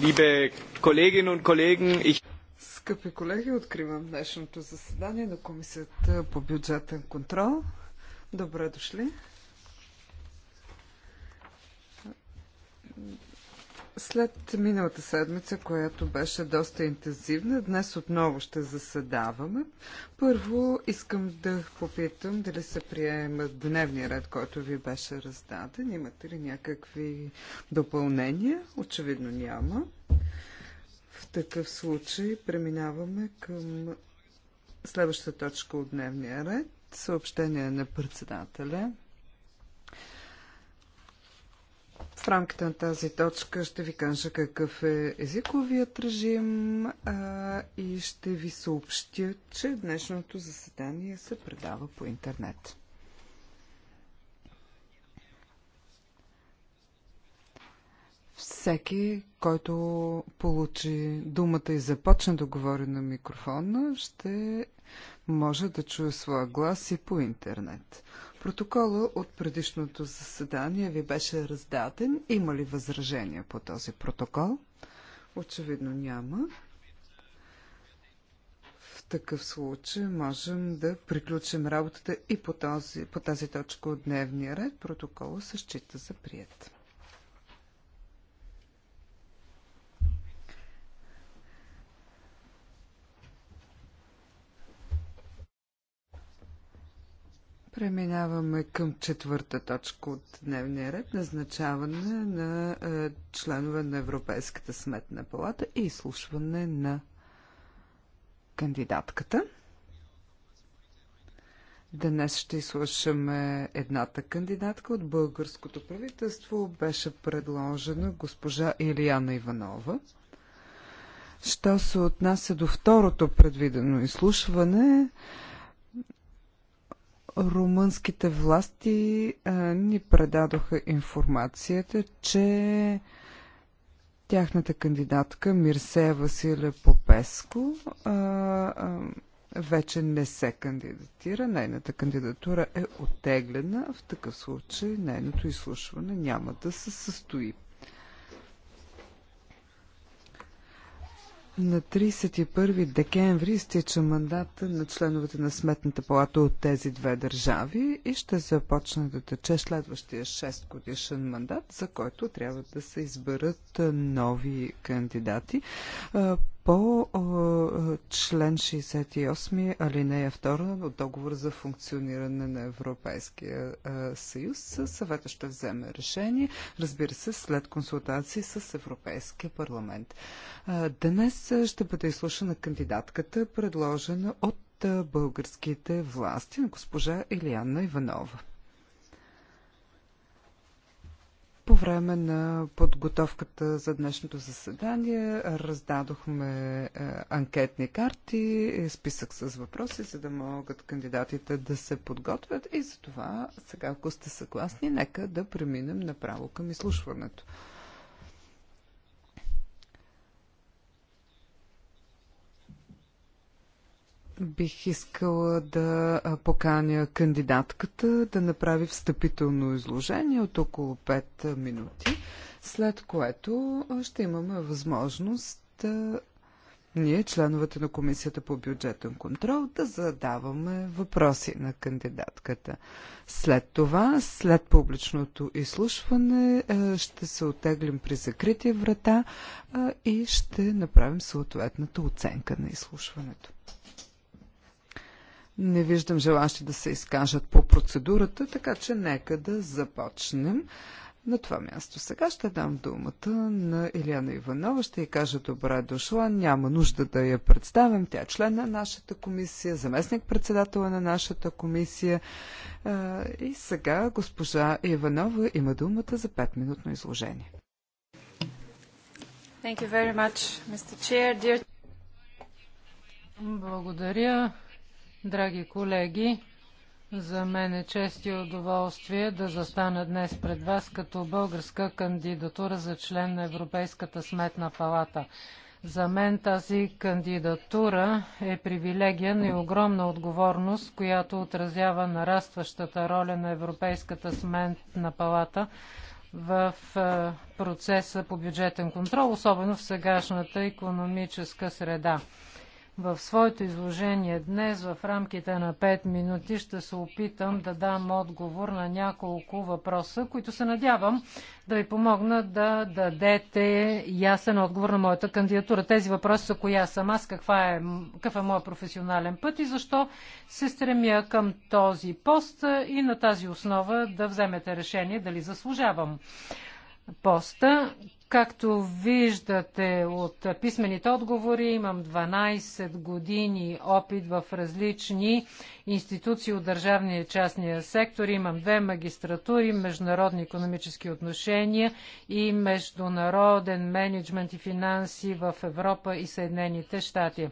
Либе колеги и колеги, ich... Скъпи колеги, откривам днешното заседание на Комисията по бюджетен контрол. Добре дошли. След миналата седмица, която беше доста интензивна, днес отново ще заседаваме. Първо искам да попитам дали се приема дневния ред, който ви беше раздаден. Имате ли някакви допълнения? Очевидно няма. В такъв случай преминаваме към следващата точка от дневния ред. Съобщение на председателя. В рамките на тази точка ще ви кажа какъв е езиковият режим а, и ще ви съобщя, че днешното заседание се предава по интернет. Всеки, който получи думата и започне да говори на микрофона, ще може да чуе своя глас и по интернет. Протокола от предишното заседание ви беше раздаден. Има ли възражения по този протокол? Очевидно няма. В такъв случай можем да приключим работата и по, този, по тази точка от дневния ред. Протокола се счита за прият. Преминаваме към четвърта точка от дневния ред назначаване на е, членове на Европейската сметна палата и изслушване на кандидатката. Днес ще изслушаме едната кандидатка от българското правителство. Беше предложена госпожа Илияна Иванова. Що се отнася до второто предвидено изслушване, румънските власти а, ни предадоха информацията, че тяхната кандидатка Мирсея Василе Попеско а, а, вече не се кандидатира. Нейната кандидатура е оттеглена. В такъв случай нейното изслушване няма да се състои. На 31 декември изтича мандата на членовете на Сметната палата от тези две държави и ще започне да тече следващия 6 годишен мандат, за който трябва да се изберат нови кандидати по член 68, алинея 2 от договора за функциониране на Европейския съюз, съвета ще вземе решение, разбира се, след консултации с Европейския парламент. Днес ще бъде изслушана кандидатката, предложена от българските власти на госпожа Илияна Иванова. По време на подготовката за днешното заседание раздадохме е, анкетни карти, е, списък с въпроси, за да могат кандидатите да се подготвят и за това сега, ако сте съгласни, нека да преминем направо към изслушването. Бих искала да поканя кандидатката да направи встъпително изложение от около 5 минути, след което ще имаме възможност да ние, членовете на Комисията по бюджетен контрол, да задаваме въпроси на кандидатката. След това, след публичното изслушване, ще се отеглим при закрити врата и ще направим съответната оценка на изслушването. Не виждам желащи да се изкажат по процедурата, така че нека да започнем. На това място сега ще дам думата на Иляна Иванова. Ще й кажа добре дошла. Няма нужда да я представям. Тя е член на нашата комисия, заместник председател на нашата комисия. И сега госпожа Иванова има думата за 5-минутно изложение. Much, Chair, Благодаря, Драги колеги, за мен е чест и удоволствие да застана днес пред вас като българска кандидатура за член на Европейската сметна палата. За мен тази кандидатура е привилегия и огромна отговорност, която отразява нарастващата роля на Европейската сметна палата в е, процеса по бюджетен контрол, особено в сегашната економическа среда. В своето изложение днес, в рамките на 5 минути, ще се опитам да дам отговор на няколко въпроса, които се надявам да ви помогна да дадете ясен отговор на моята кандидатура. Тези въпроси са коя съм аз, каква е, какъв е моят професионален път и защо се стремя към този пост и на тази основа да вземете решение дали заслужавам поста, Както виждате от писмените отговори, имам 12 години опит в различни институции от държавния и частния сектор. Имам две магистратури, международни економически отношения и международен менеджмент и финанси в Европа и Съединените щати.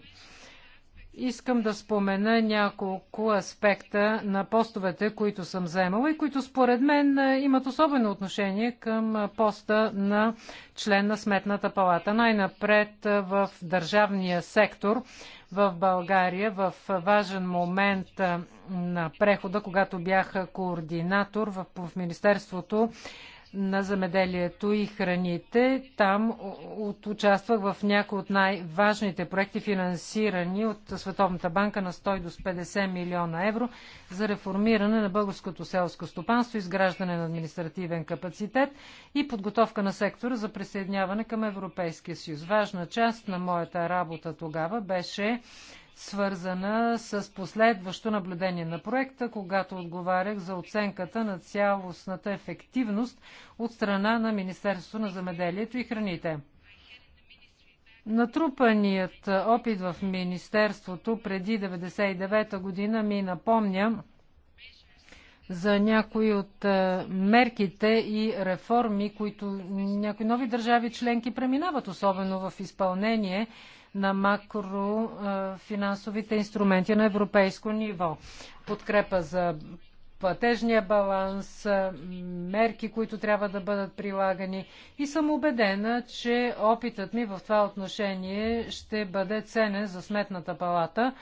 Искам да спомена няколко аспекта на постовете, които съм заемала и които според мен е, имат особено отношение към е, поста на член на Сметната палата. Най-напред е, в държавния сектор в България в важен момент на прехода, когато бях координатор в, в Министерството на земеделието и храните. Там от, участвах в някои от най-важните проекти, финансирани от Световната банка на 100 до 50 милиона евро за реформиране на българското селско стопанство, изграждане на административен капацитет и подготовка на сектора за присъединяване към Европейския съюз. Важна част на моята работа тогава беше свързана с последващо наблюдение на проекта, когато отговарях за оценката на цялостната ефективност от страна на Министерството на земеделието и храните. Натрупаният опит в Министерството преди 1999 година ми напомня за някои от е, мерките и реформи, които някои нови държави членки преминават, особено в изпълнение на макрофинансовите инструменти на европейско ниво. Подкрепа за платежния баланс, мерки, които трябва да бъдат прилагани. И съм убедена, че опитът ми в това отношение ще бъде ценен за Сметната палата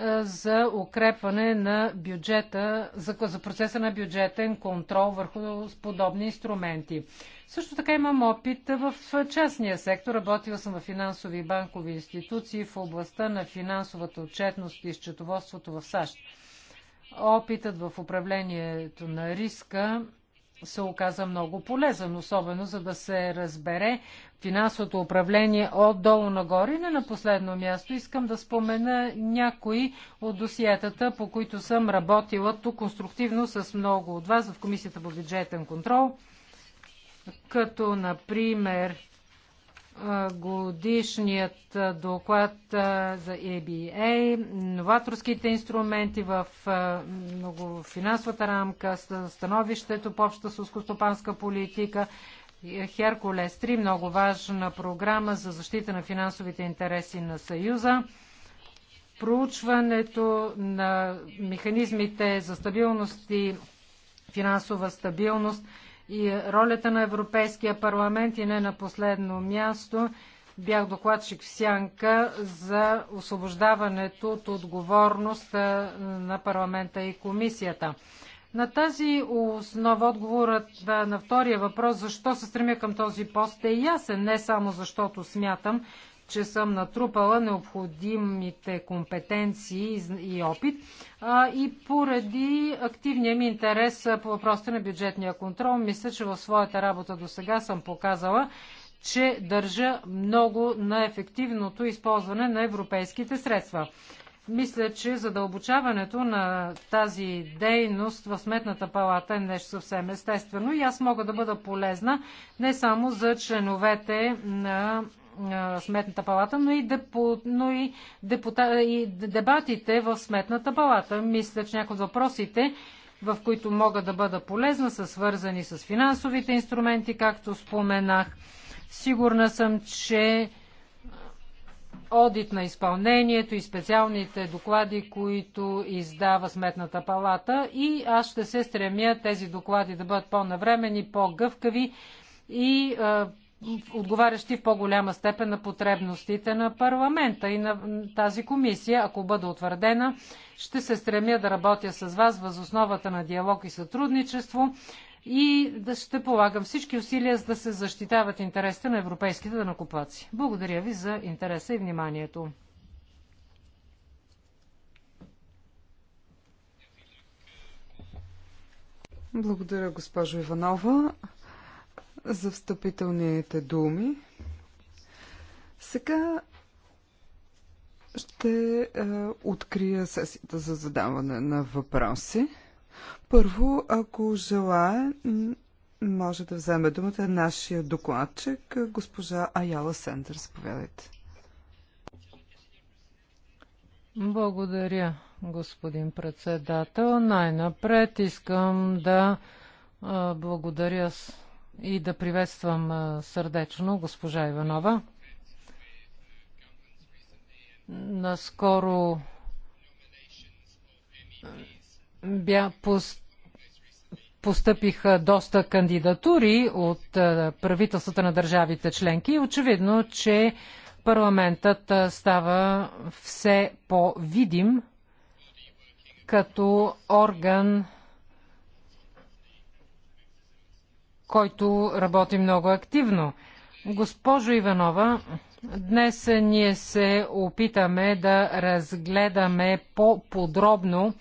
е, за укрепване на бюджета, за, за процеса на бюджетен контрол върху подобни инструменти. Също така имам опит в частния сектор. Работил съм в финансови и банкови институции в областта на финансовата отчетност и счетоводството в САЩ. Опитът в управлението на риска се оказа много полезен, особено за да се разбере финансовото управление отдолу нагоре. И не на последно място искам да спомена някои от досиетата, по които съм работила тук конструктивно с много от вас в Комисията по бюджетен контрол – като например годишният доклад за EBA, новаторските инструменти в финансовата рамка, становището по обща сускостопанска политика, Херкулес 3, много важна програма за защита на финансовите интереси на Съюза, проучването на механизмите за стабилност и финансова стабилност – и ролята на Европейския парламент и не на последно място бях докладчик в Сянка за освобождаването от отговорност на парламента и комисията. На тази основа отговорът на втория въпрос, защо се стремя към този пост, е ясен. Не само защото смятам, че съм натрупала необходимите компетенции и опит а, и поради активния ми интерес по въпросите на бюджетния контрол. Мисля, че в своята работа до сега съм показала, че държа много на ефективното използване на европейските средства. Мисля, че задълбочаването на тази дейност в Сметната палата е нещо съвсем естествено и аз мога да бъда полезна не само за членовете на Сметната палата, но и, депо, но и, депута, и дебатите в Сметната палата. Мисля, че някои от въпросите, в които мога да бъда полезна, са свързани с финансовите инструменти, както споменах. Сигурна съм, че одит на изпълнението и специалните доклади, които издава Сметната палата. И аз ще се стремя тези доклади да бъдат по-навремени, по-гъвкави и отговарящи в по-голяма степен на потребностите на парламента и на тази комисия. Ако бъда утвърдена, ще се стремя да работя с вас въз основата на диалог и сътрудничество и да ще полагам всички усилия, за да се защитават интересите на европейските данакоплаци. Благодаря ви за интереса и вниманието. Благодаря, госпожо Иванова за встъпителните думи. Сега ще е, открия сесията за задаване на въпроси. Първо, ако желая, може да вземе думата нашия докладчик, госпожа Аяла Сендър. Заповядайте. Благодаря, господин председател. Най-напред искам да благодаря и да приветствам сърдечно госпожа Иванова. Наскоро бя пост... постъпиха доста кандидатури от правителствата на държавите членки и очевидно, че парламентът става все по-видим като орган който работи много активно. Госпожо Иванова, днес ние се опитаме да разгледаме по-подробно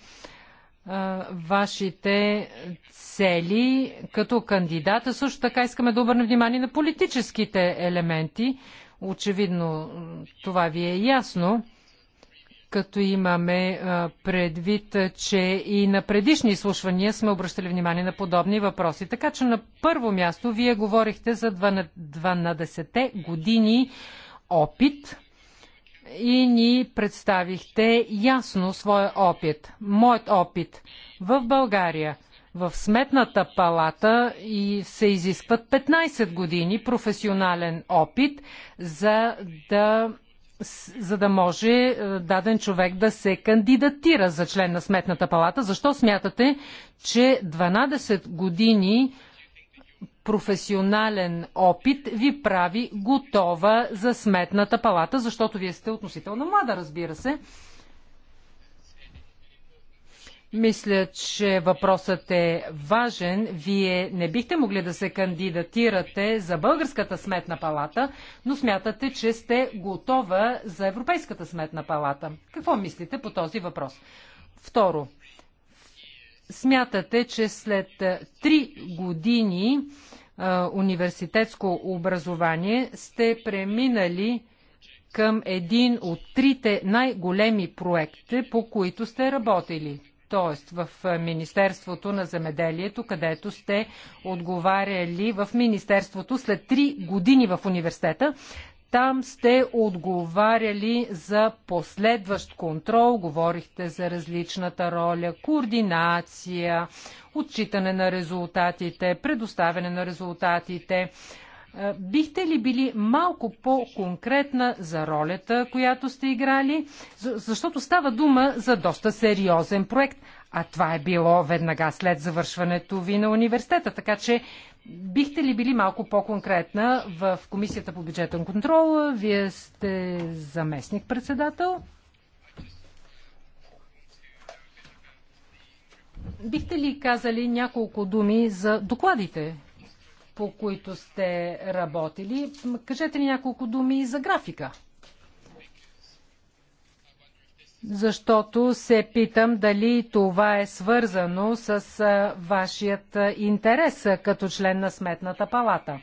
вашите цели като кандидата. Също така искаме да обърнем внимание на политическите елементи. Очевидно това ви е ясно като имаме предвид, че и на предишни изслушвания сме обръщали внимание на подобни въпроси. Така че на първо място вие говорихте за 12-те години опит и ни представихте ясно своя опит. Моят опит в България в Сметната палата и се изискват 15 години професионален опит, за да за да може е, даден човек да се кандидатира за член на Сметната палата? Защо смятате, че 12 години професионален опит ви прави готова за Сметната палата? Защото вие сте относително млада, разбира се. Мисля, че въпросът е важен. Вие не бихте могли да се кандидатирате за Българската сметна палата, но смятате, че сте готова за Европейската сметна палата. Какво мислите по този въпрос? Второ, смятате, че след три години а, университетско образование сте преминали към един от трите най-големи проекти, по които сте работили – т.е. в Министерството на земеделието, където сте отговаряли в Министерството след 3 години в университета. Там сте отговаряли за последващ контрол, говорихте за различната роля, координация, отчитане на резултатите, предоставяне на резултатите Бихте ли били малко по-конкретна за ролята, която сте играли? Защото става дума за доста сериозен проект, а това е било веднага след завършването ви на университета. Така че бихте ли били малко по-конкретна в Комисията по бюджетен контрол? Вие сте заместник-председател. Бихте ли казали няколко думи за докладите, по които сте работили. Кажете ни няколко думи за графика. Защото се питам дали това е свързано с вашият интерес като член на Сметната палата.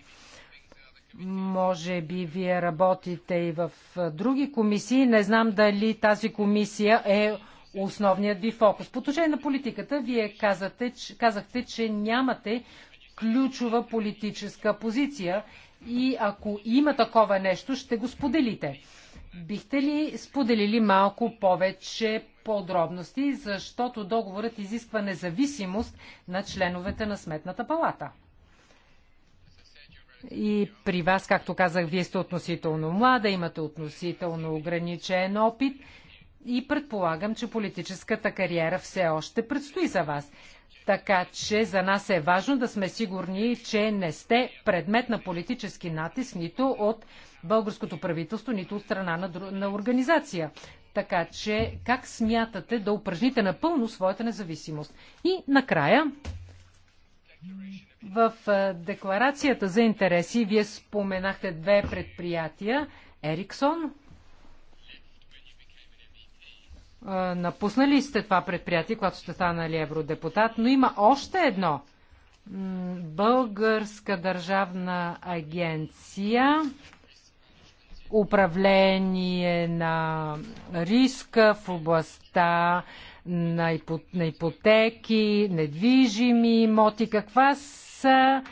Може би вие работите и в други комисии. Не знам дали тази комисия е основният ви фокус. По отношение на политиката, вие казахте, че, казахте, че нямате ключова политическа позиция и ако има такова нещо, ще го споделите. Бихте ли споделили малко повече подробности, защото договорът изисква независимост на членовете на Сметната палата? И при вас, както казах, вие сте относително млада, имате относително ограничен опит и предполагам, че политическата кариера все още предстои за вас. Така че за нас е важно да сме сигурни, че не сте предмет на политически натиск нито от българското правителство, нито от страна на, на организация. Така че как смятате да упражните напълно своята независимост? И накрая, в декларацията за интереси вие споменахте две предприятия. Ериксон напуснали сте това предприятие, когато сте станали евродепутат, но има още едно. Българска държавна агенция управление на риска в областта на, ипотеки, недвижими имоти. Каква, са,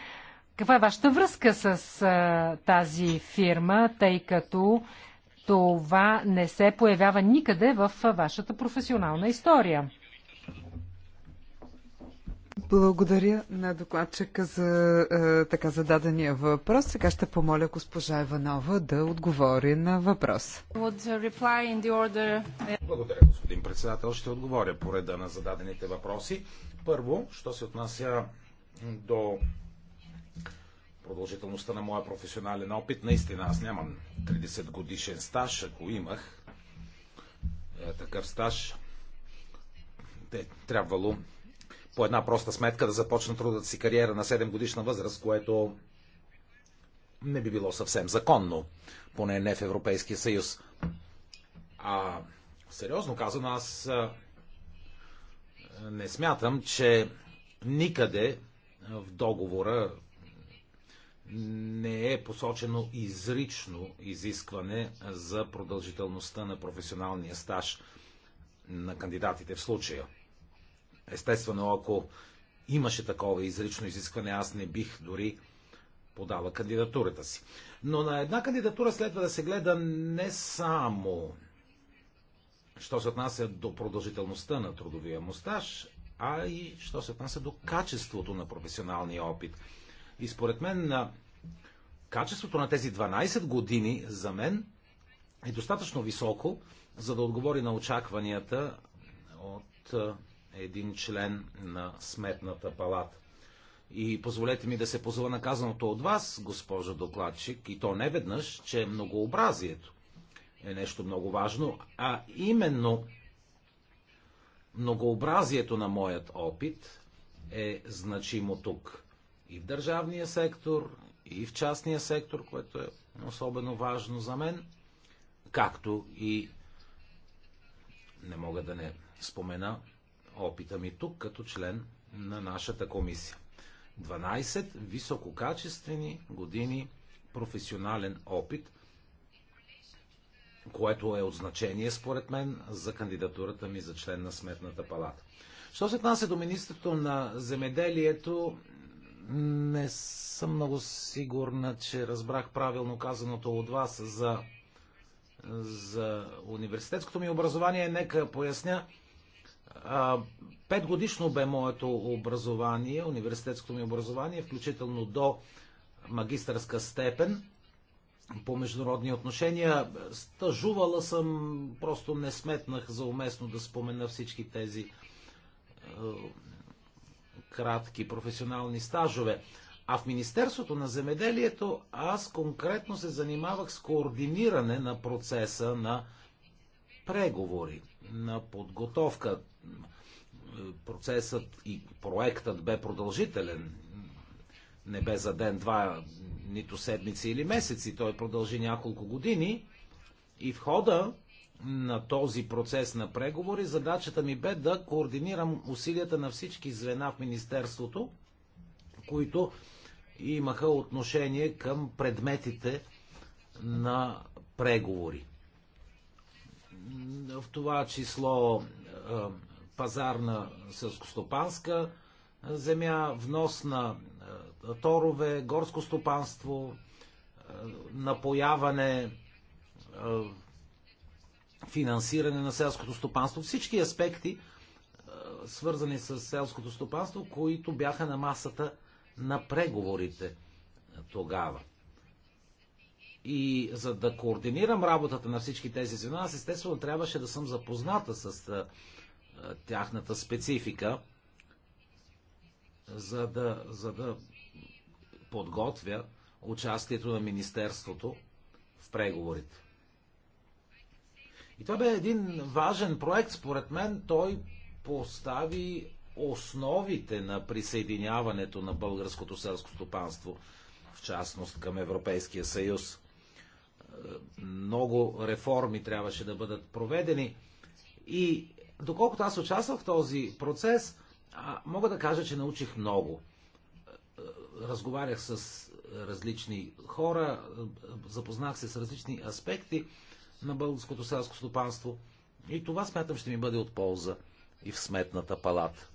каква е вашата връзка с тази фирма, тъй като това не се появява никъде в вашата професионална история. Благодаря на докладчика за е, така зададения въпрос. Сега ще помоля госпожа Иванова да отговори на въпрос. Uh, uh, Благодаря, господин председател. Ще отговоря по реда на зададените въпроси. Първо, що се отнася до продължителността на моя професионален опит. Наистина, аз нямам 30 годишен стаж, ако имах е, такъв стаж, те трябвало по една проста сметка да започна трудът си кариера на 7 годишна възраст, което не би било съвсем законно, поне не в Европейския съюз. А сериозно казано, аз е, не смятам, че никъде в договора, не е посочено изрично изискване за продължителността на професионалния стаж на кандидатите в случая. Естествено, ако имаше такова изрично изискване, аз не бих дори подала кандидатурата си. Но на една кандидатура следва да се гледа не само що се отнася до продължителността на трудовия му стаж, а и що се отнася до качеството на професионалния опит – и според мен качеството на тези 12 години за мен е достатъчно високо, за да отговори на очакванията от един член на Сметната палата. И позволете ми да се позова на казаното от вас, госпожо докладчик, и то не веднъж, че многообразието е нещо много важно, а именно многообразието на моят опит е значимо тук и в държавния сектор, и в частния сектор, което е особено важно за мен, както и не мога да не спомена опита ми тук като член на нашата комисия. 12 висококачествени години професионален опит, което е от значение според мен за кандидатурата ми за член на Сметната палата. Що се отнася до Министрото на земеделието, не съм много сигурна, че разбрах правилно казаното от вас за, за университетското ми образование. Нека поясня. Пет годишно бе моето образование, университетското ми образование, включително до магистърска степен по международни отношения. Стъжувала съм, просто не сметнах за уместно да спомена всички тези кратки професионални стажове. А в Министерството на земеделието аз конкретно се занимавах с координиране на процеса на преговори, на подготовка. Процесът и проектът бе продължителен. Не бе за ден, два, нито седмици или месеци. Той продължи няколко години. И в хода на този процес на преговори. Задачата ми бе да координирам усилията на всички звена в Министерството, които имаха отношение към предметите на преговори. В това число пазарна сълскостопанска земя, внос на торове, горско стопанство, напояване, финансиране на селското стопанство, всички аспекти, свързани с селското стопанство, които бяха на масата на преговорите тогава. И за да координирам работата на всички тези звена, аз естествено трябваше да съм запозната с тяхната специфика, за да, за да подготвя участието на Министерството в преговорите. И това бе един важен проект, според мен той постави основите на присъединяването на българското селско стопанство, в частност към Европейския съюз. Е, много реформи трябваше да бъдат проведени и доколкото аз участвах в този процес, мога да кажа, че научих много. Е, разговарях с различни хора, е, запознах се с различни аспекти на българското селско стопанство. И това смятам ще ми бъде от полза и в сметната палата.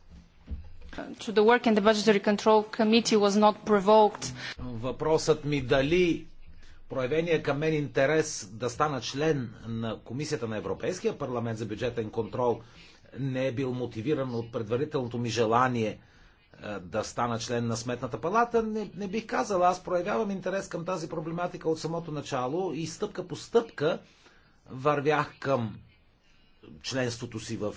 Въпросът ми дали проявения към мен интерес да стана член на Комисията на Европейския парламент за бюджетен контрол не е бил мотивиран от предварителното ми желание е, да стана член на Сметната палата, не, не бих казала. Аз проявявам интерес към тази проблематика от самото начало и стъпка по стъпка вървях към членството си в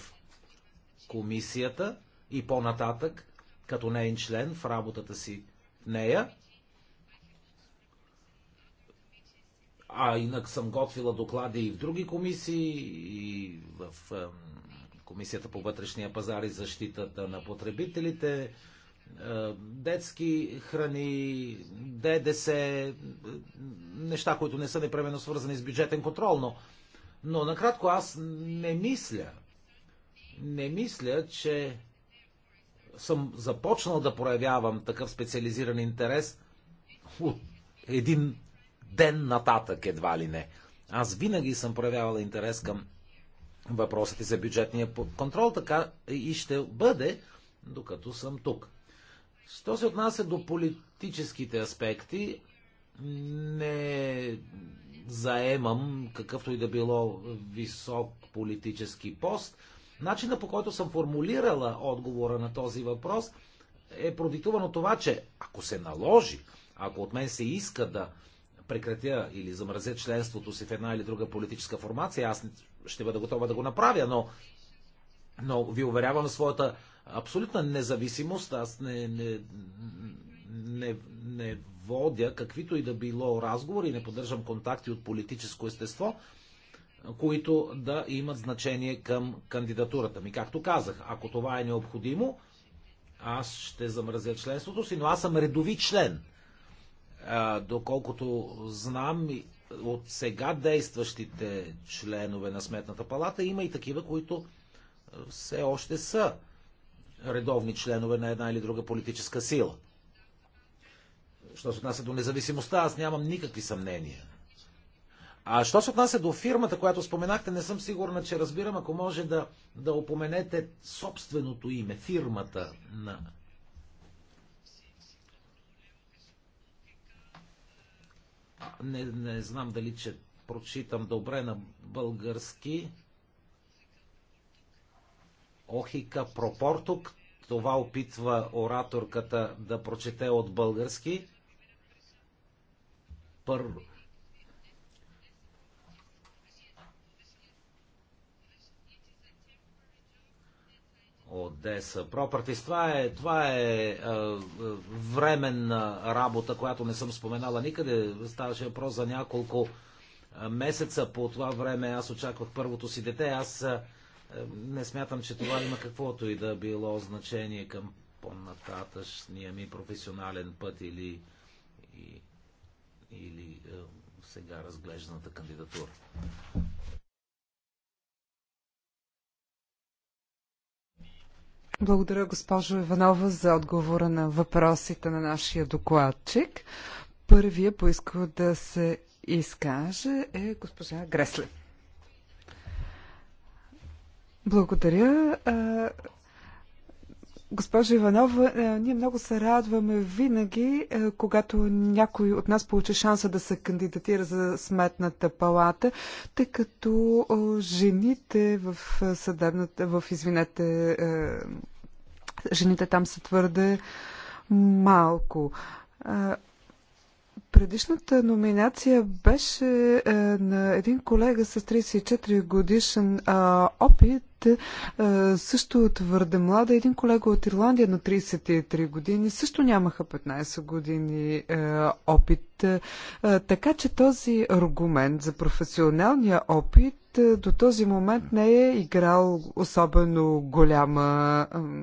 комисията и по-нататък, като нейн член в работата си в нея. А инак съм готвила доклади и в други комисии, и в Комисията по вътрешния пазар и защитата на потребителите, е, детски храни, ДДС, е, неща, които не са непременно свързани с бюджетен контрол, но но накратко аз не мисля, не мисля, че съм започнал да проявявам такъв специализиран интерес от един ден нататък едва ли не. Аз винаги съм проявявал интерес към въпросите за бюджетния контрол, така и ще бъде, докато съм тук. Що се отнася до политическите аспекти, не заемам какъвто и да било висок политически пост, начина по който съм формулирала отговора на този въпрос е продиктувано това, че ако се наложи, ако от мен се иска да прекратя или замразя членството си в една или друга политическа формация, аз ще бъда готова да го направя, но, но ви уверявам своята абсолютна независимост. Аз не, не, не, не водя каквито и да било разговори, не поддържам контакти от политическо естество, които да имат значение към кандидатурата ми. Както казах, ако това е необходимо, аз ще замразя членството си, но аз съм редови член. доколкото знам, от сега действащите членове на Сметната палата има и такива, които все още са редовни членове на една или друга политическа сила. Що се отнася до независимостта, аз нямам никакви съмнения. А що се отнася до фирмата, която споменахте, не съм сигурна, че разбирам, ако може да, да опоменете собственото име, фирмата на... Не, не знам дали че прочитам добре на български. Охика Пропортук. Това опитва ораторката да прочете от български. Първо. Одеса Пропартис. Това е, това е, е временна работа, която не съм споменала никъде. Ставаше въпрос за няколко месеца по това време. Аз очаквах първото си дете. Аз е, не смятам, че това има каквото и да било значение към по-нататъчния ми професионален път или и или е, сега разглежданата кандидатура? Благодаря, госпожо Иванова, за отговора на въпросите на нашия докладчик. Първия поискал да се изкаже е госпожа Гресле. Благодаря. Госпожо Иванова, е, ние много се радваме винаги, е, когато някой от нас получи шанса да се кандидатира за сметната палата, тъй като е, жените в съдебната, в извинете, жените там са твърде малко. Предишната номинация беше е, на един колега с 34 годишен опит, е, също твърде млада. Един колега от Ирландия на 33 години също нямаха 15 години е, опит. Е, е, така че този аргумент за професионалния опит е, до този момент не е играл особено голяма е,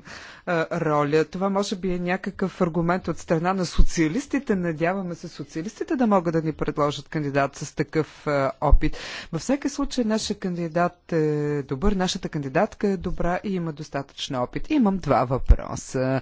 роля. Това може би е някакъв аргумент от страна на социалистите. Надяваме се социалистите да могат да ни предложат кандидат с такъв е, опит. Във всеки случай нашия кандидат е добър, нашата кандидатка е добра и има достатъчно опит. Имам два въпроса.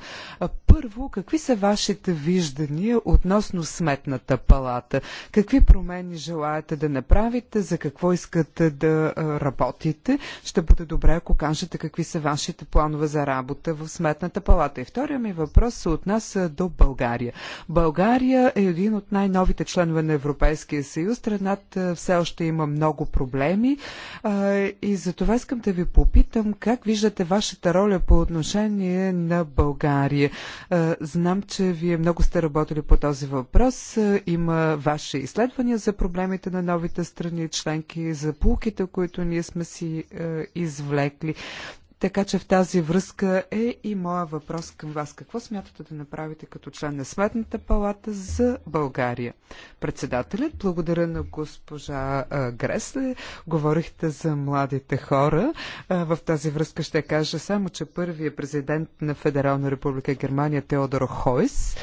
Първо, какви са вашите виждания относно сметната палата? Какви промени желаете да направите? За какво искате да работите. Ще бъде добре, ако кажете какви са вашите планове за работа в Сметната палата. И втория ми въпрос се отнася до България. България е един от най-новите членове на Европейския съюз. Страната е, все още има много проблеми и за това искам да ви попитам как виждате вашата роля по отношение на България. Знам, че вие много сте работили по този въпрос. Има ваши изследвания за проблемите на новите страни членки, за полуките, които ние сме си е, извлекли. Така че в тази връзка е и моя въпрос към вас. Какво смятате да направите като член на Сметната палата за България? Председателят, благодаря на госпожа е, Гресле. Говорихте за младите хора. Е, в тази връзка ще кажа само, че първият президент на Федерална република Германия Теодор Хойс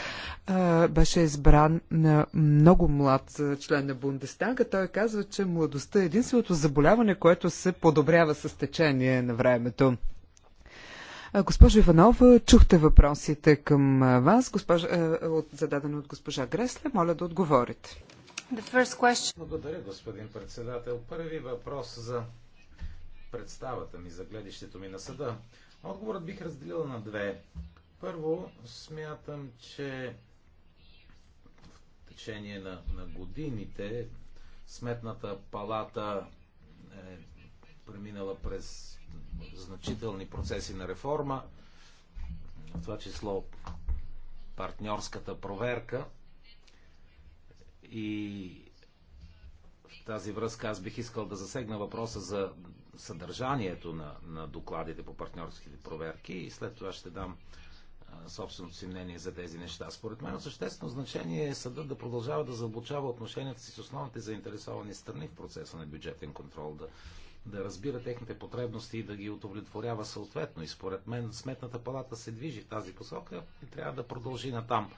беше избран на много млад член на Бундестага. Той казва, че младостта е единственото заболяване, което се подобрява с течение на времето. Госпожо Иванова, чухте въпросите към вас, госпожа, зададени от госпожа Гресле. Моля да отговорите. Благодаря, господин председател. Първи въпрос за представата ми, за гледището ми на съда. Отговорът бих разделила на две. Първо, смятам, че течение на, на годините Сметната палата е преминала през значителни процеси на реформа, в това число партньорската проверка. И в тази връзка аз бих искал да засегна въпроса за съдържанието на, на докладите по партньорските проверки и след това ще дам собственото си мнение за тези неща. Според мен съществено значение е съдът да продължава да задълбочава отношенията си с основните заинтересовани страни в процеса на бюджетен контрол, да, да разбира техните потребности и да ги удовлетворява съответно. И според мен Сметната палата се движи в тази посока и трябва да продължи натам.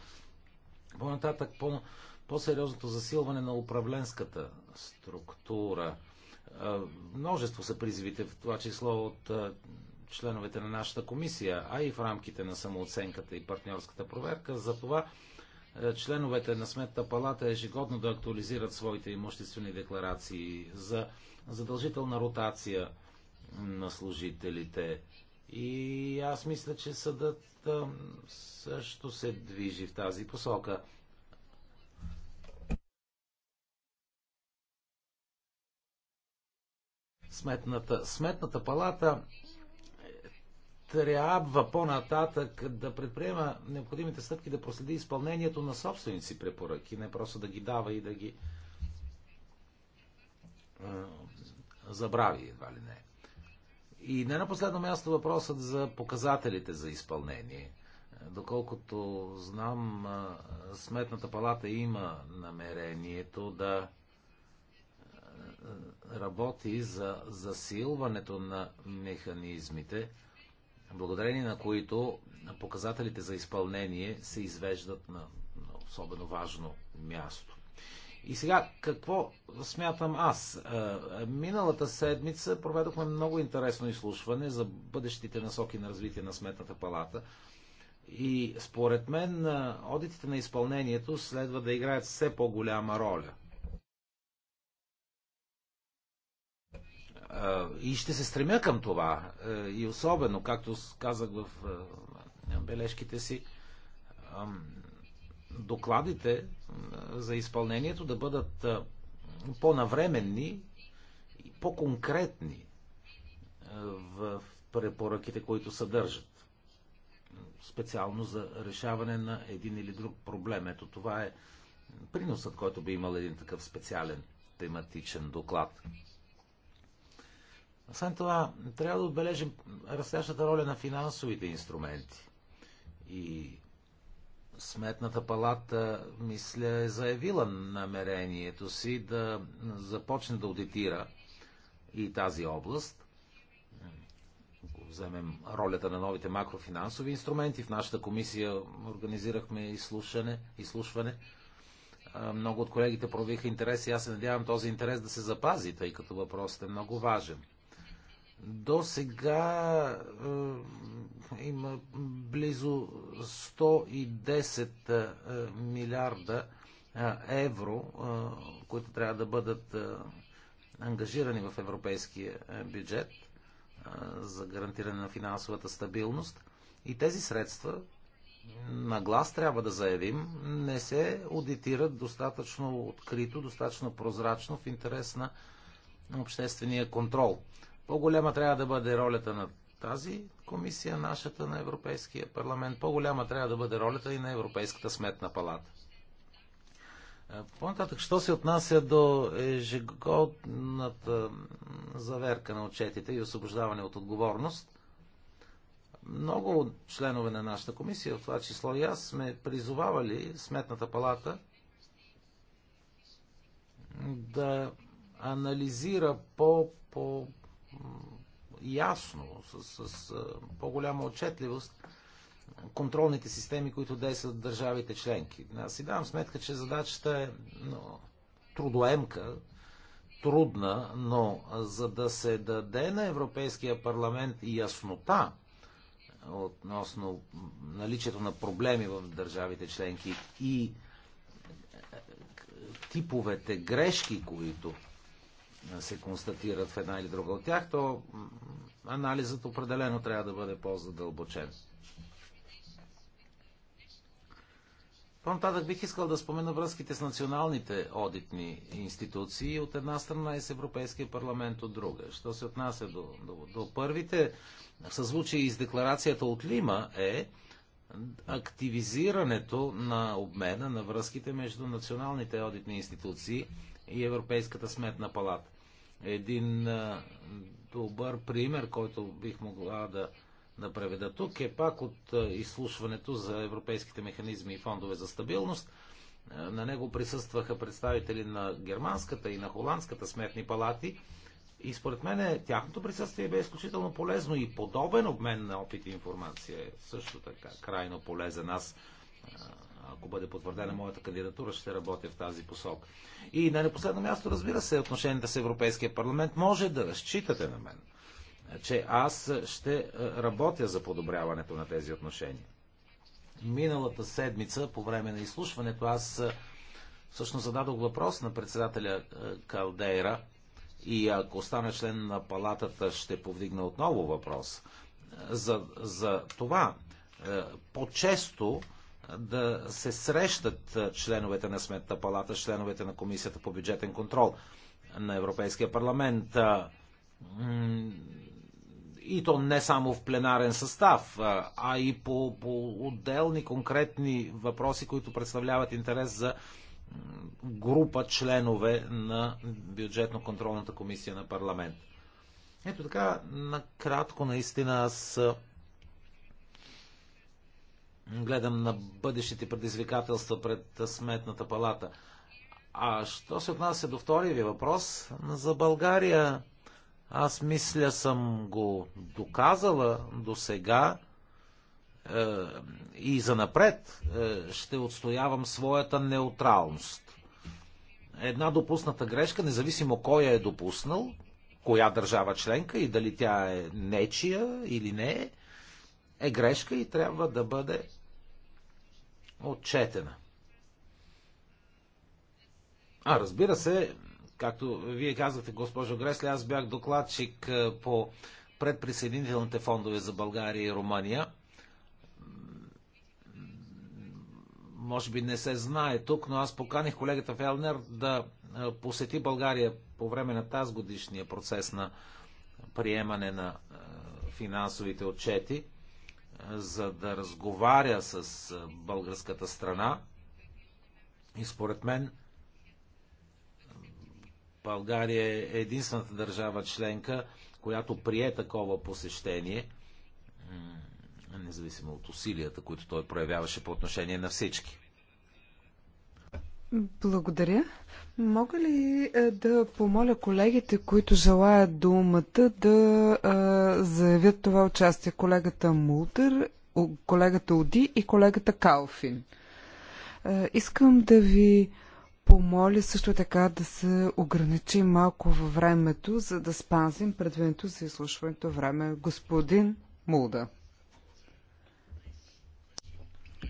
По-нататък, по, по-сериозното засилване на управленската структура. Множество са призивите, в това число от членовете на нашата комисия, а и в рамките на самооценката и партньорската проверка. За това е, членовете на Сметната палата ежегодно да актуализират своите имуществени декларации за задължителна ротация на служителите. И аз мисля, че съдът е, също се движи в тази посока. Сметната, сметната палата трябва по-нататък да предприема необходимите стъпки да проследи изпълнението на собствените си препоръки, не просто да ги дава и да ги а, забрави, едва ли не. И не на последно място въпросът за показателите за изпълнение. Доколкото знам, Сметната палата има намерението да работи за засилването на механизмите, благодарение на които показателите за изпълнение се извеждат на, на особено важно място. И сега, какво смятам аз? Е, е, миналата седмица проведохме много интересно изслушване за бъдещите насоки на развитие на Сметната палата. И според мен, е, одитите на изпълнението следва да играят все по-голяма роля – Е, и ще се стремя към това. Е, и особено, както казах в е, бележките си, докладите за изпълнението да бъдат по-навременни и по-конкретни в препоръките, които съдържат. Специално за решаване на един или друг проблем. Ето това е приносът, който би имал един такъв специален тематичен доклад. Освен това, трябва да отбележим растящата роля на финансовите инструменти. И Сметната палата, мисля, е заявила намерението си да започне да аудитира и тази област. Ако вземем ролята на новите макрофинансови инструменти, в нашата комисия организирахме изслушане, изслушване. Много от колегите проявиха интерес и аз се надявам този интерес да се запази, тъй като въпросът е много важен. До сега е, има близо 110 е, милиарда е, евро, е, които трябва да бъдат е, ангажирани в европейския е, бюджет е, за гарантиране на финансовата стабилност. И тези средства, на глас трябва да заявим, не се аудитират достатъчно открито, достатъчно прозрачно в интерес на обществения контрол. По-голяма трябва да бъде ролята на тази комисия, нашата на Европейския парламент. По-голяма трябва да бъде ролята и на Европейската сметна палата. Е, по-нататък, що се отнася до ежегодната заверка на отчетите и освобождаване от отговорност, много членове на нашата комисия, в това число и аз, сме призовавали Сметната палата да анализира по, по ясно, с, с по-голяма отчетливост контролните системи, които действат в държавите членки. Аз си давам сметка, че задачата е но, трудоемка, трудна, но за да се даде на Европейския парламент яснота относно наличието на проблеми в държавите членки и е, е, типовете грешки, които се констатират в една или друга от тях, то анализът определено трябва да бъде по-задълбочен. По-нататък бих искал да спомена връзките с националните одитни институции от една страна и с Европейския парламент от друга. Що се отнася до, до, до първите, в съзвучие и с декларацията от Лима е активизирането на обмена на връзките между националните одитни институции и Европейската сметна палата. Един добър пример, който бих могла да, да преведа тук, е пак от изслушването за европейските механизми и фондове за стабилност. На него присъстваха представители на германската и на холандската сметни палати. И според мен е, тяхното присъствие бе изключително полезно и подобен обмен на опит и информация е също така крайно полезен. Аз ако бъде потвърдена моята кандидатура, ще работя в тази посока. И на непоследно място, разбира се, отношенията с Европейския парламент може да разчитате на мен, че аз ще е, работя за подобряването на тези отношения. Миналата седмица, по време на изслушването, аз е, всъщност зададох въпрос на председателя е, Калдейра и ако стана член на палатата, ще повдигна отново въпрос за, за това по-често да се срещат членовете на Сметната палата, членовете на Комисията по бюджетен контрол на Европейския парламент. И то не само в пленарен състав, а и по, по отделни конкретни въпроси, които представляват интерес за група членове на бюджетно-контролната комисия на парламент. Ето така, накратко наистина аз с гледам на бъдещите предизвикателства пред Сметната палата. А що се отнася до втория ви въпрос за България, аз мисля съм го доказала до сега е, и напред е, ще отстоявам своята неутралност. Една допусната грешка, независимо кой е допуснал, коя държава членка и дали тя е нечия или не е, е грешка и трябва да бъде отчетена. А, разбира се, както вие казвате, госпожо Гресле, аз бях докладчик е, по предприсъединителните фондове за България и Румъния. Може би не се знае тук, но аз поканих колегата Фелнер да е, посети България по време на тази годишния процес на приемане на е, финансовите отчети за да разговаря с българската страна. И според мен България е единствената държава членка, която прие такова посещение, независимо от усилията, които той проявяваше по отношение на всички. Благодаря. Мога ли е, да помоля колегите, които желаят думата, да е, заявят това участие? Колегата Мултер, колегата Оди и колегата Калфин. Е, искам да ви помоля също така да се ограничи малко във времето, за да спазим предвиденото за изслушването време. Господин Мулда.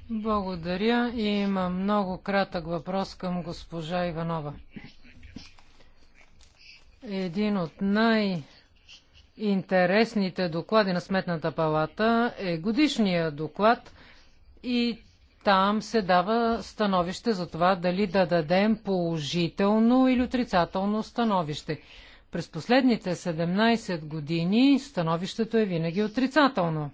Благодаря. И има много кратък въпрос към госпожа Иванова. Един от най- интересните доклади на Сметната палата е годишния доклад и там се дава становище за това дали да дадем положително или отрицателно становище. През последните 17 години становището е винаги отрицателно.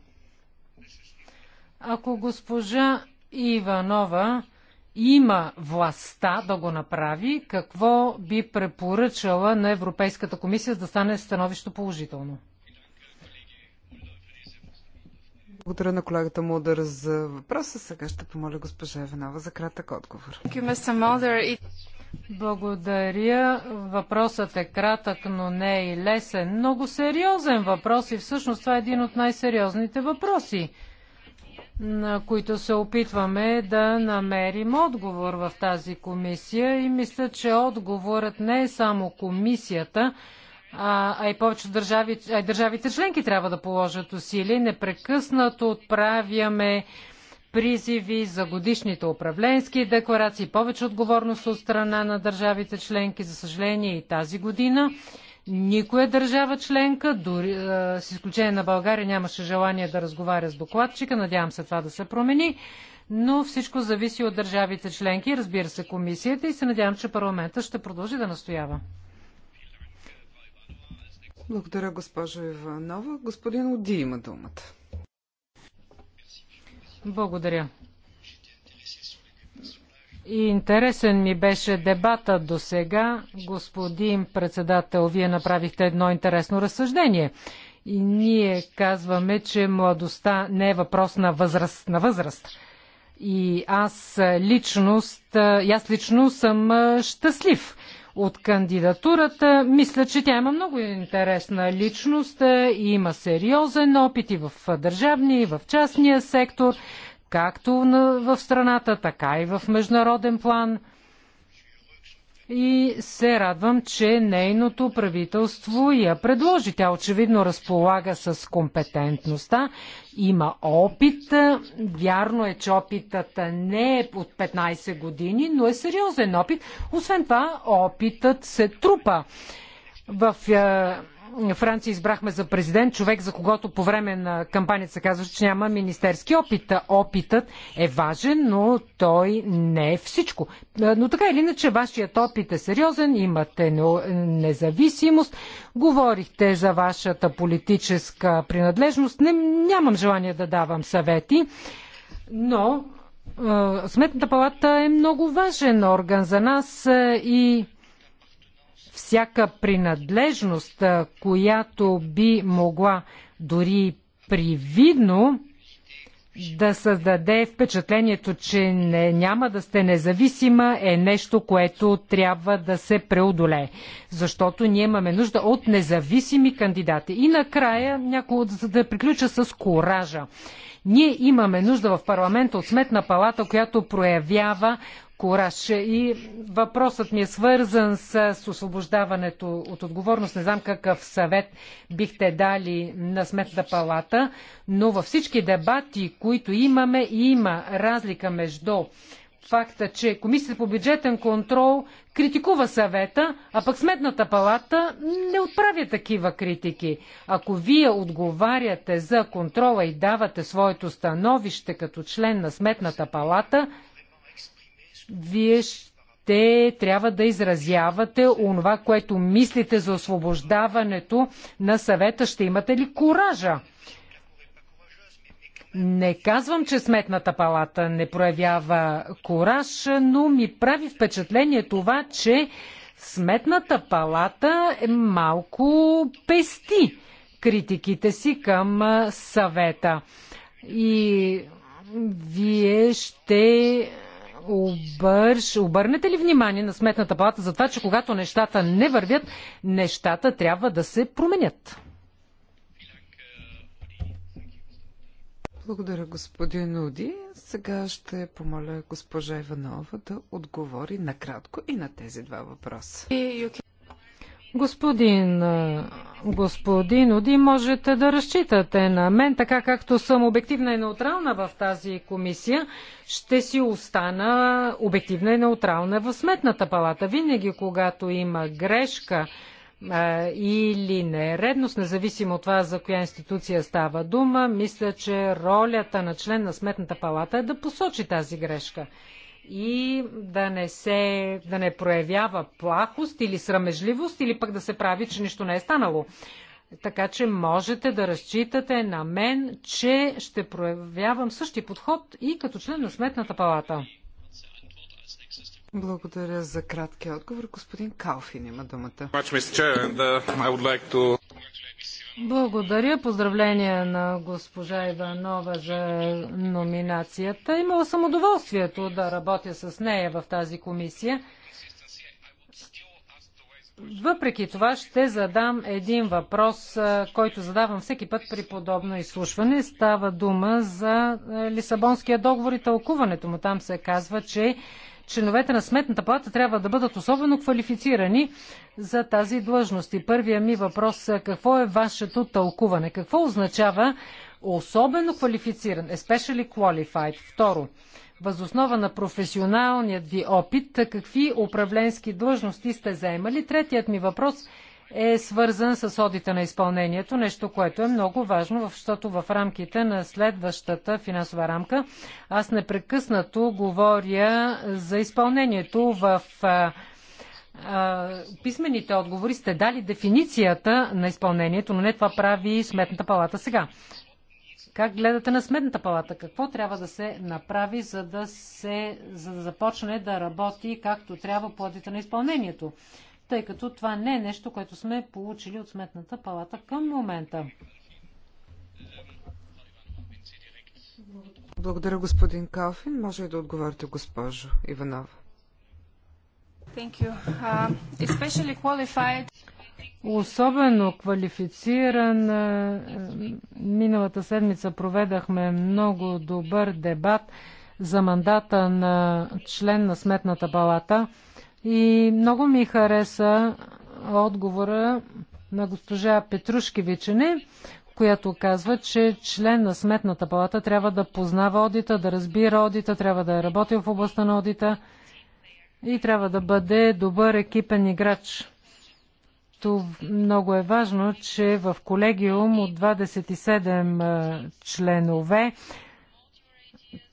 Ако госпожа Иванова има властта да го направи, какво би препоръчала на Европейската комисия да стане становище положително? Благодаря на колегата Мудър за въпроса. Сега ще помоля госпожа Иванова за кратък отговор. Благодаря. Въпросът е кратък, но не е и лесен. Много сериозен въпрос и всъщност това е един от най-сериозните въпроси на които се опитваме да намерим отговор в тази комисия и мисля, че отговорът не е само комисията, а, а и повече държави, а и държавите членки трябва да положат усилия. Непрекъснато отправяме призиви за годишните управленски декларации, повече отговорност от страна на държавите членки, за съжаление и тази година. Никоя държава членка, дори с изключение на България, нямаше желание да разговаря с докладчика. Надявам се това да се промени. Но всичко зависи от държавите членки, разбира се, комисията и се надявам, че парламента ще продължи да настоява. Благодаря, госпожо Иванова. Господин Оди има думата. Благодаря интересен ми беше дебата до сега. Господин председател, вие направихте едно интересно разсъждение. И ние казваме, че младостта не е въпрос на възраст. На възраст. И аз личност, аз лично съм щастлив от кандидатурата. Мисля, че тя има много интересна личност и има сериозен опит и в държавния, и в частния сектор както в страната, така и в международен план. И се радвам, че нейното правителство я предложи. Тя очевидно разполага с компетентността, има опит. Вярно е, че опитът не е от 15 години, но е сериозен опит. Освен това, опитът се трупа в е, Франция избрахме за президент човек, за когото по време на кампанията се казваше, че няма министерски опит. Опитът е важен, но той не е всичко. Но така или иначе, вашият опит е сериозен, имате независимост, говорихте за вашата политическа принадлежност. Не, нямам желание да давам съвети, но Сметната палата е много важен орган за нас и всяка принадлежност, която би могла дори привидно да създаде впечатлението, че не, няма да сте независима, е нещо, което трябва да се преодолее. Защото ние имаме нужда от независими кандидати. И накрая, някой да, да приключа с коража. Ние имаме нужда в парламента от сметна палата, която проявява кураж. И въпросът ми е свързан с освобождаването от отговорност. Не знам какъв съвет бихте дали на Сметната палата, но във всички дебати, които имаме, има разлика между факта, че Комисията по бюджетен контрол критикува съвета, а пък Сметната палата не отправя такива критики. Ако вие отговаряте за контрола и давате своето становище като член на Сметната палата, вие ще трябва да изразявате онова, което мислите за освобождаването на съвета. Ще имате ли коража? Не казвам, че сметната палата не проявява кораж, но ми прави впечатление това, че сметната палата е малко пести критиките си към съвета. И вие ще обърш, обърнете ли внимание на Сметната палата за това, че когато нещата не вървят, нещата трябва да се променят? Благодаря, господин Уди. Сега ще помоля госпожа Иванова да отговори накратко и на тези два въпроса. Господин, е, господин Оди, можете да разчитате на мен, така както съм обективна и неутрална в тази комисия, ще си остана обективна и неутрална в сметната палата. Винаги, когато има грешка а, е, или нередност, независимо от това за коя институция става дума, мисля, че ролята на член на сметната палата е да посочи тази грешка и да не, се, да не проявява плахост или срамежливост, или пък да се прави, че нищо не е станало. Така че можете да разчитате на мен, че ще проявявам същия подход и като член на Сметната палата. Благодаря за краткия отговор. Господин Калфин има думата. Благодаря. Поздравления на госпожа Иванова за номинацията. Имала съм удоволствието да работя с нея в тази комисия. Въпреки това ще задам един въпрос, който задавам всеки път при подобно изслушване. Става дума за Лисабонския договор и тълкуването му. Там се казва, че членовете на Сметната палата трябва да бъдат особено квалифицирани за тази длъжност. И първия ми въпрос е какво е вашето тълкуване? Какво означава особено квалифициран, especially qualified? Второ, възоснова на професионалният ви опит, какви управленски длъжности сте заемали? Третият ми въпрос е е свързан с одита на изпълнението, нещо, което е много важно, защото в рамките на следващата финансова рамка аз непрекъснато говоря за изпълнението в а, а, писмените отговори сте дали дефиницията на изпълнението, но не това прави Сметната палата сега. Как гледате на Сметната палата? Какво трябва да се направи, за да, се, за да започне да работи както трябва по на изпълнението? тъй като това не е нещо, което сме получили от Сметната палата към момента. Благодаря, господин Калфин. Може и да отговорите, госпожо Иванова. Uh, Особено квалифициран. Е, миналата седмица проведахме много добър дебат за мандата на член на Сметната палата. И много ми хареса отговора на госпожа Петрушкевичене, която казва, че член на Сметната палата трябва да познава одита, да разбира одита, трябва да е работил в областта на одита и трябва да бъде добър екипен играч. То много е важно, че в колегиум от 27 членове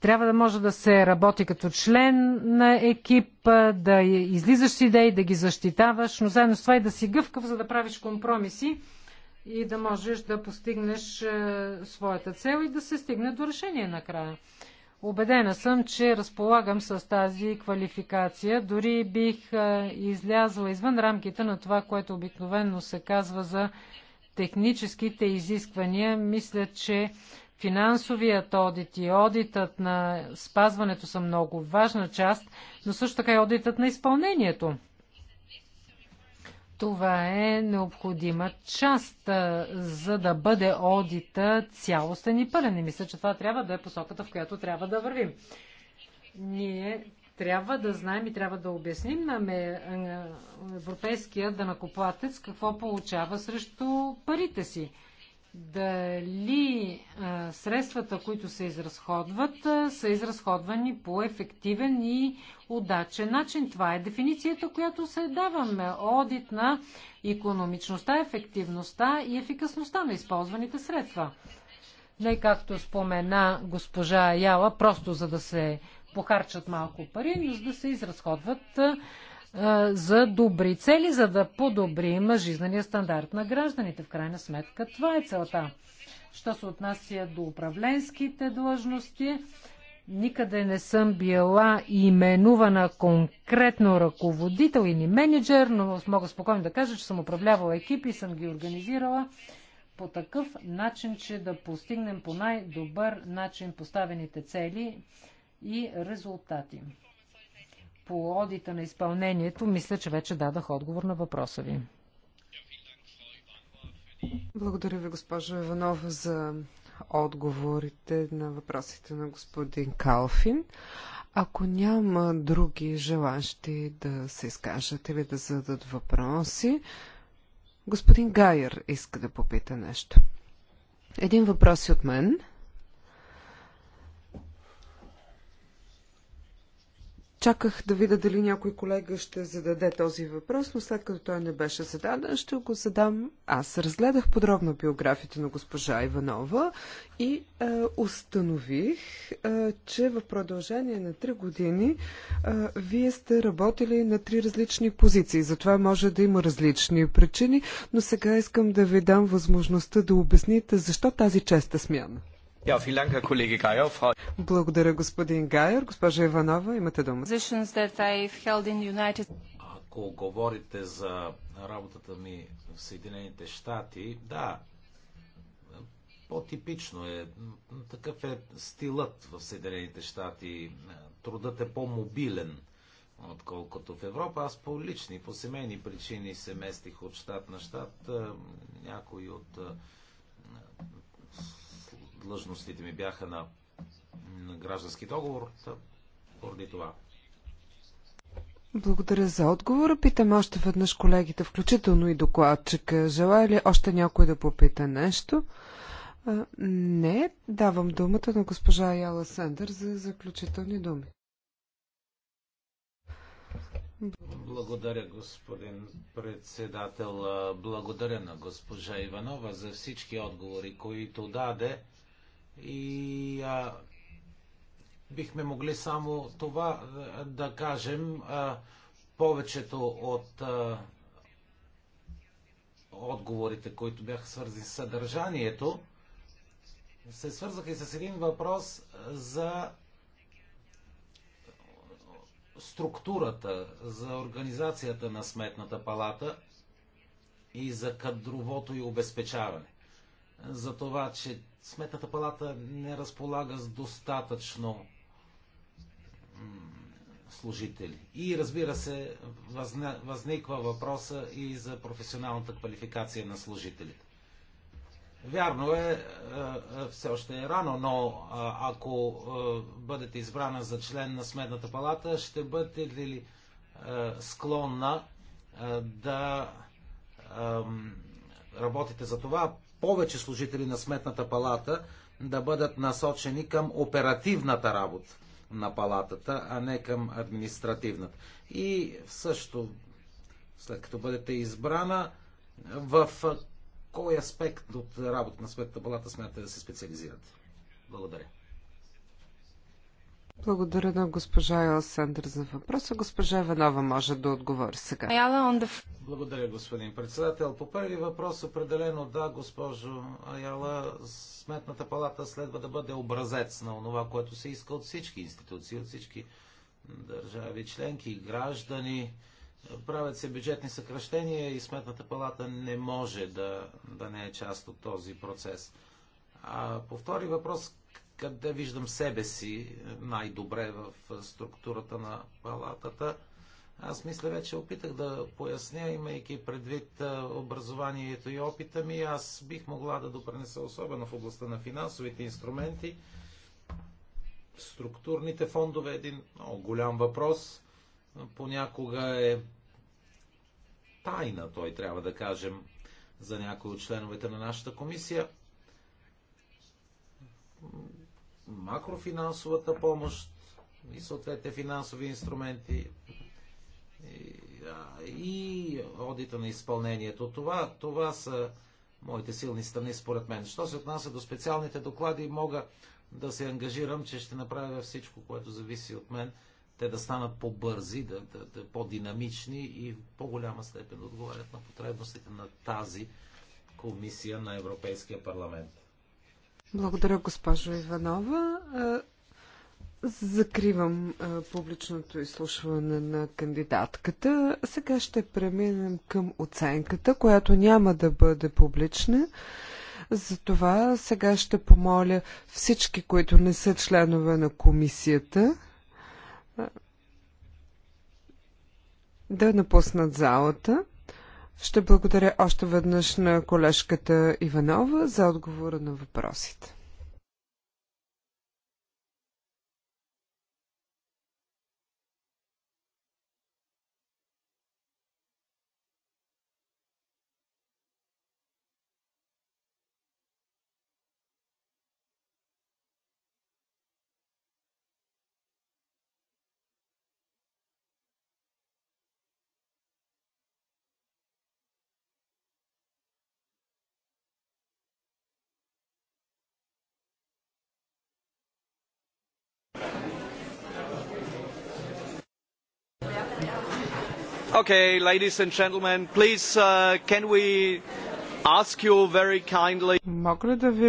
трябва да може да се работи като член на екип, да излизаш с идеи, да ги защитаваш, но заедно с това и да си гъвкав, за да правиш компромиси и да можеш да постигнеш своята цел и да се стигне до решение накрая. Обедена съм, че разполагам с тази квалификация. Дори бих излязла извън рамките на това, което обикновенно се казва за техническите изисквания. Мисля, че Финансовият одит и одитът на спазването са много важна част, но също така и одитът на изпълнението. Това е необходима част, за да бъде одита цялостен и пълен. И мисля, че това трябва да е посоката, в която трябва да вървим. Ние трябва да знаем и трябва да обясним на европейския данакоплатец какво получава срещу парите си дали средствата, които се изразходват, са изразходвани по ефективен и удачен начин. Това е дефиницията, която се даваме. Одит на економичността, ефективността и ефикасността на използваните средства. Не както спомена госпожа Яла, просто за да се похарчат малко пари, но за да се изразходват а, за добри цели, за да подобрим жизнения стандарт на гражданите. В крайна сметка това е целта. Що се отнася до управленските длъжности, никъде не съм била именувана конкретно ръководител или менеджер, но мога спокойно да кажа, че съм управлявала екип и съм ги организирала по такъв начин, че да постигнем по най-добър начин поставените цели и резултати по одита на изпълнението, мисля, че вече дадах отговор на въпроса ви. Благодаря ви, госпожо Иванова, за отговорите на въпросите на господин Калфин. Ако няма други желащи да се изкажат или да зададат въпроси, господин Гайер иска да попита нещо. Един въпрос и от мен. Чаках да видя дали някой колега ще зададе този въпрос, но след като той не беше зададен, ще го задам аз. Разгледах подробно биографията на госпожа Иванова и е, установих, е, че в продължение на три години е, вие сте работили на три различни позиции. Затова може да има различни причини, но сега искам да ви дам възможността да обясните защо тази честа смяна. Благодаря, господин Гайер. Госпожа Иванова, имате дума. Ако говорите за работата ми в Съединените щати, да, по-типично е. Такъв е стилът в Съединените щати. Трудът е по-мобилен, отколкото в Европа. Аз по лични, по семейни причини се местих от щат на щат. Някои от длъжностите ми бяха на, на граждански договор, поради това. Благодаря за отговора. Питам още веднъж колегите, включително и докладчика. Желая ли още някой да попита нещо? Не, давам думата на госпожа Яла Сендър за заключителни думи. Благодаря, господин председател. Благодаря на госпожа Иванова за всички отговори, които даде. И а, бихме могли само това да кажем. А, повечето от а, отговорите, които бяха свързани с съдържанието, се свързаха и с един въпрос за структурата, за организацията на Сметната палата и за кадровото и обезпечаване. За това, че Сметната палата не разполага с достатъчно служители. И разбира се, възниква въпроса и за професионалната квалификация на служителите. Вярно е, е, е все още е рано, но ако е, бъдете избрана за член на Сметната палата, ще бъдете ли склонна да работите за това повече служители на Сметната палата да бъдат насочени към оперативната работа на палатата, а не към административната. И също, след като бъдете избрана, в кой аспект от работа на Сметната палата смятате да се специализирате? Благодаря. Благодаря на госпожа Елсандър за въпроса. Госпожа Иванова може да отговори сега. Благодаря, господин председател. По първи въпрос определено да, госпожо Аяла, Сметната палата следва да бъде образец на това, което се иска от всички институции, от всички държави, членки, граждани. Правят се бюджетни съкръщения и Сметната палата не може да, да не е част от този процес. А по втори въпрос, къде виждам себе си най-добре в структурата на палатата. Аз мисля, вече опитах да поясня, имайки предвид образованието и опита ми, аз бих могла да допренеса особено в областта на финансовите инструменти. Структурните фондове е един много голям въпрос. Понякога е тайна, той трябва да кажем, за някои от членовете на нашата комисия макрофинансовата помощ и съответните финансови инструменти и одита на изпълнението. Това, това са моите силни страни, според мен. Що се отнася до специалните доклади, мога да се ангажирам, че ще направя всичко, което зависи от мен, те да станат по-бързи, да, да, да, по-динамични и в по-голяма степен да отговарят на потребностите на тази комисия на Европейския парламент. Благодаря, госпожо Иванова. Закривам публичното изслушване на кандидатката. Сега ще преминем към оценката, която няма да бъде публична. Затова сега ще помоля всички, които не са членове на комисията, да напуснат залата. Ще благодаря още веднъж на колежката Иванова за отговора на въпросите. Okay, ladies and gentlemen, please, uh, can we ask you very kindly... Мога ли да ви